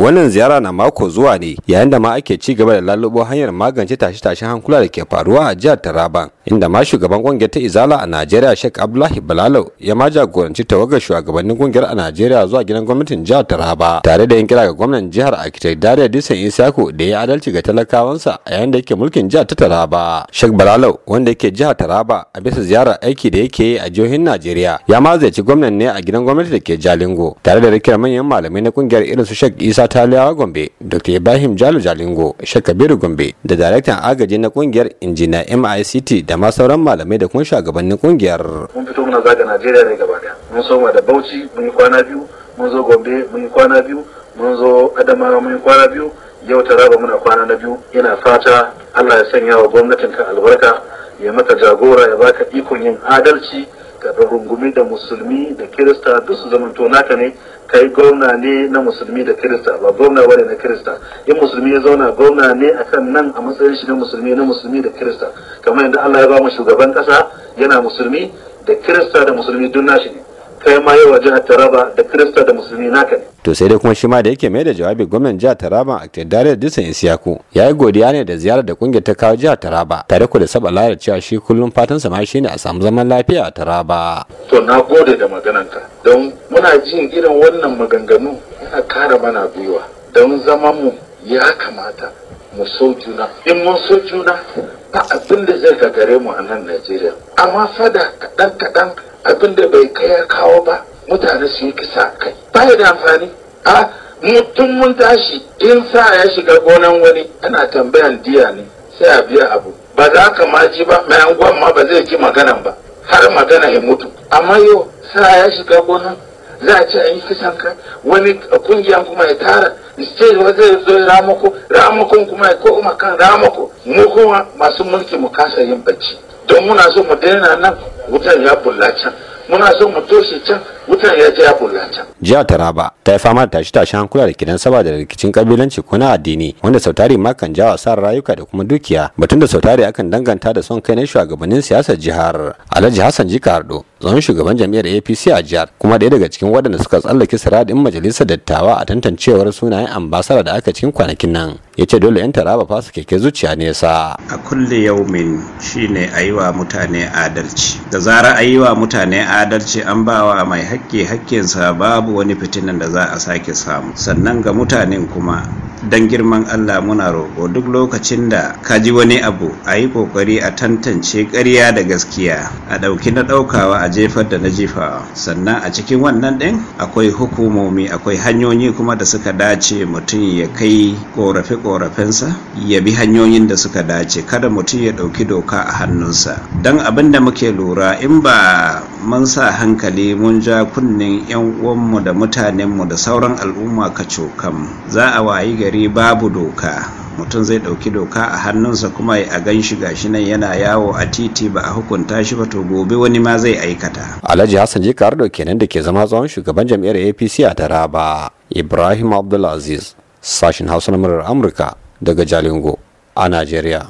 wannan ziyara na mako zuwa ne yayin da ma ake ci gaba da lalubo hanyar magance tashe-tashen hankula da ke faruwa a jihar Taraba inda ma shugaban kungiyar ta Izala a Najeriya Sheikh Abdullahi Balalo ya ma jagoranci tawagar shugabannin kungiyar a Najeriya zuwa gidan gwamnatin jihar Taraba tare da yin kira ga gwamnan jihar Architect Dare Disan Isaku da ya adalci ga talakawansa a yayin da yake mulkin jihar ta Taraba Sheikh Balalo wanda yake jihar Taraba a bisa ziyarar aiki da yake yi a jihohin Najeriya ya ma zai ci gwamnan ne a gidan gwamnati da ke Jalingo tare da rikiyar manyan malamai na kungiyar irin su Sheikh Isa Taliyawa gombe dr ibrahim jalo jalingo shakabiru gombe da daraktan agaji na kungiyar injina mict da ma sauran malamai da kuma shugabannin kungiyar mun fito muna zaga najeriya ne gaba daya mun soma da bauchi mun yi kwana biyu mun zo gombe mun yi kwana biyu mun zo adamawa mun yi kwana biyu yau taraba muna kwana na biyu ina fata allah ya sanya wa gwamnatin ka albarka ya maka jagora ya baka ikon yin adalci ka rungumi da musulmi da kirista duk su zamanto naka ne kai gwamna ne na musulmi da kirista ba gwamna bane na kirista in musulmi ya zauna gwamna ne akan nan a matsayin shi na musulmi na musulmi da kirista kamar yadda Allah ya ba mu shugaban kasa yana musulmi da kirista da musulmi duk nashi ne kai ma yawa jihar taraba da kirista da musulmi naka ne to sai dai kuma shi ma da yake mai da jawabi gwamnan jihar taraba a kedare Dusan isiyaku ya yi godiya ne da ziyarar da kungiyar ta kawo jihar taraba tare ku da saba layar cewa shi kullum fatan sa ma ne a samu zaman lafiya a taraba to na gode da magananka don muna jin irin wannan maganganu yana kara mana gwiwa don zaman mu ya kamata mu so juna in mun so juna ba abin da zai gagare mu a nan Najeriya amma fada kaɗan kaɗan abin da bai kai ya kawo ba mutane su yi kisa kai ba da amfani a mutum mun tashi in sa ya shiga gonan wani ana tambayan diya ne sai a biya abu ba za ka ma ji ba mai anguwan ma ba zai ji maganan ba har magana ya mutu amma yau sa ya shiga gonan za a ce an yi kisan kai wani kungiyan kuma ya tara ce zai zo ramako ramakon kuma ya koma kan ramako mu kuma masu mulki mu kasa yin bacci don muna so mu daina nan wutar ya bulla can muna son mu toshe can wutan ya je ya bulla can. Jihar Taraba ta yi fama da tashi tashi hankula da gidan saba da rikicin kabilanci ko na addini wanda sautari ma kan jawo sa rayuka da kuma dukiya batun da sautari akan danganta da son kai na shugabannin siyasar jihar. Alhaji Hassan Jikardo tsohon shugaban jam'iyyar APC a jihar kuma ɗaya daga cikin waɗanda suka tsallake siradin majalisar dattawa a tantancewar sunayen ambasara da aka cikin kwanakin nan ya ce dole 'yan taraba fasu keke zuciya nesa. A kulle yau shi ne a yi wa mutane adalci da zara a yi wa mutane adalci an bawa mai haƙƙi haƙƙinsa babu wani fitinan da za a sake samu sannan ga mutanen kuma don girman Allah muna roƙo duk lokacin da ka ji wani abu a yi ƙoƙari a tantance ƙarya da gaskiya a ɗauki na ɗaukawa a jefar da na jifawa sannan a cikin wannan ɗin akwai hukumomi akwai hanyoyi kuma da suka dace mutum ya kai ƙorafe ƙorafensa ya bi hanyoyin da suka dace kada mutum ya ɗauki doka a hannunsa don abin da muke lura in ba mun sa hankali mun ja kunnen 'yan uwanmu da mutanenmu da sauran al'umma ka cokan za a wayi gari babu doka mutum zai ɗauki doka a hannunsa kuma ya gan shi gashi nan yana yawo a titi ba a hukunta shi ba to gobe wani ma zai aikata. Alhaji Hassan Jikardo kenan da ke zama tsawon shugaban jami'ar APC a Taraba Ibrahim Abdulaziz sashin Hausa na murar Amurka daga Jalingo a Najeriya.